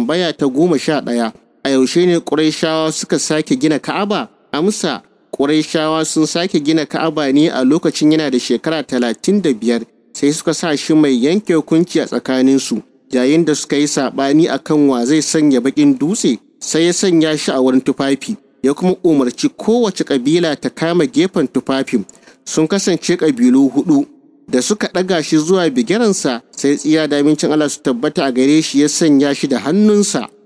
tambaya ta goma sha ɗaya a yaushe ne ƙurayshawa suka sake gina ka'aba amsa ƙurayshawa sun sake gina ka'aba ne a lokacin yana da shekara talatin da biyar sai suka sa shi mai yanke hukunci a tsakaninsu yayin da suka yi saɓani a kan wa zai sanya baƙin dutse sai ya sanya shi a wurin tufafi ya kuma umarci kowace ƙabila ta kama gefen tufafin sun kasance ƙabilu huɗu da suka ɗaga shi zuwa bigiransa sai tsiya da abincin Allah su tabbata a gare shi ya sanya shi da hannunsa